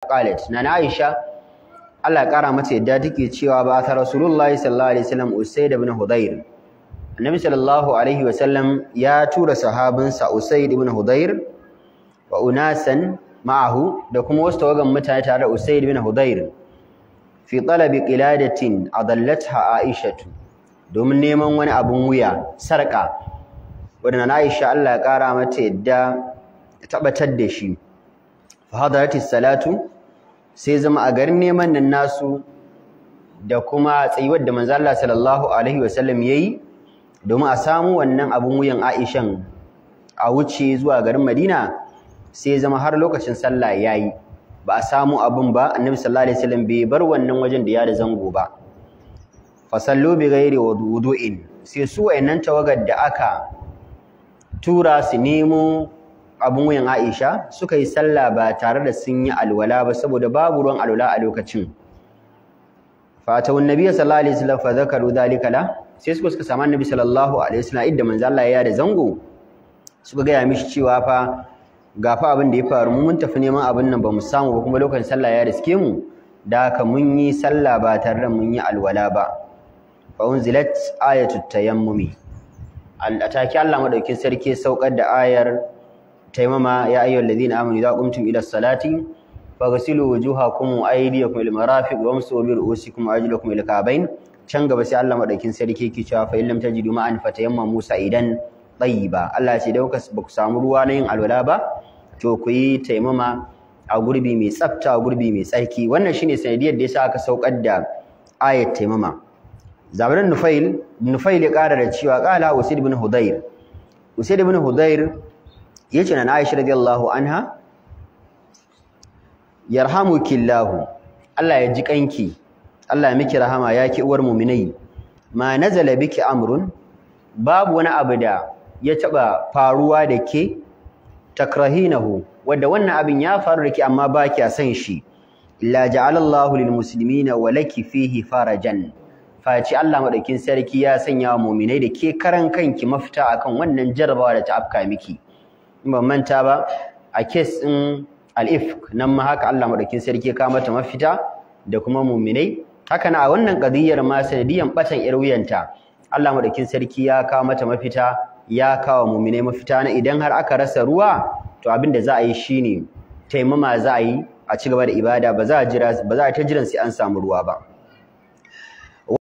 qalat nana Aisha Allah mata yadda take cewa ba ta Rasulullahi sallallahu alaihi wasallam Usayd ibn Hudayr Annabi sallallahu alaihi wasallam ya tura sahabinsa Usayd ibn Hudayr wa unasan ma'ahu da kuma wasu tawagan mutane tare da Usayd ibn Hudayr fi talabi qiladatin adallatha Aisha domin neman wani abin wuya "sarƙa" wadana Aisha Allah kara mata yadda tabbatar da shi fahadaratis salatu sai zama a garin neman nan nasu da kuma tsayuwar da manzo Allah sallallahu alaihi wasallam yayi domin a samu wannan abun wuyan Aishan a wuce zuwa garin Madina sai zama har lokacin sallah yayi ba a samu abun ba annabi sallallahu alaihi wasallam bai bar wannan wajen da ya da zango ba fasallu bi ghairi wudu'in sai su wayannan tawagar da aka tura su nemo abun wuyan Aisha suka yi sallah ba tare da sun yi alwala ba saboda babu ruwan alwala a lokacin fata wani nabi sallallahu alaihi wasallam fa zakaru dalika la sai suka suka samu annabi sallallahu alaihi wasallam idda manzo Allah ya da zango suka gaya mishi cewa fa ga fa abin da ya faru mun tafi neman abin nan ba mu samu ba kuma lokacin sallah ya riske mu da haka mun yi sallah ba tare da mun yi alwala ba fa unzilat ayatut tayammumi ta ataki Allah madaukin sarki saukar da ayar taimama ya ayyuhal ladina amanu idza qumtum ila salati faghsilu wujuhakum wa aydiyakum ila marafiq wamsu bi ru'usikum wa ajlakum ila ka'bayn can gaba sai Allah madaukin sarki yake cewa fa illam tajidu ma'an fatayammamu sa'idan tayyiba Allah ya ce dai ba baku samu ruwa na yin alwala ba to ku yi taimama a gurbi mai tsafta gurbi mai tsarki wannan shine sanadiyar da yasa aka saukar da ayat taimama zamanin Nufail Nufail ya kara da cewa qala Usaid ibn hudair Usaid ibn yace na Aisha radiyallahu anha yarhamukillahu Allah ya ji kanki Allah ya miki rahama ya ki uwar mu'minai ma nazala biki amrun babu wani abu da ya taba faruwa da ke takrahinahu wanda wannan abin ya faru da ke amma ba kiya san shi illa ja'alallahu lil muslimina wa laki fihi farajan faci Allah madaukin sarki ya sanya wa mu'minai da ke karan kanki mafita akan wannan jarabawa da ta afka miki ban manta ba a kes ɗin al nan ma haka Allah madaukin sarki ka mata mafita da kuma mu'minai haka na a wannan qadiyar ma sanadiyan batan yar wuyanta Allah madaukin sarki ya kawo mata mafita ya kawo mu'minai mafita na idan har aka rasa ruwa to abin da za a yi shine taimama za a yi a ci gaba da ibada ba za a jira ba za a ta jiran sai an samu ruwa ba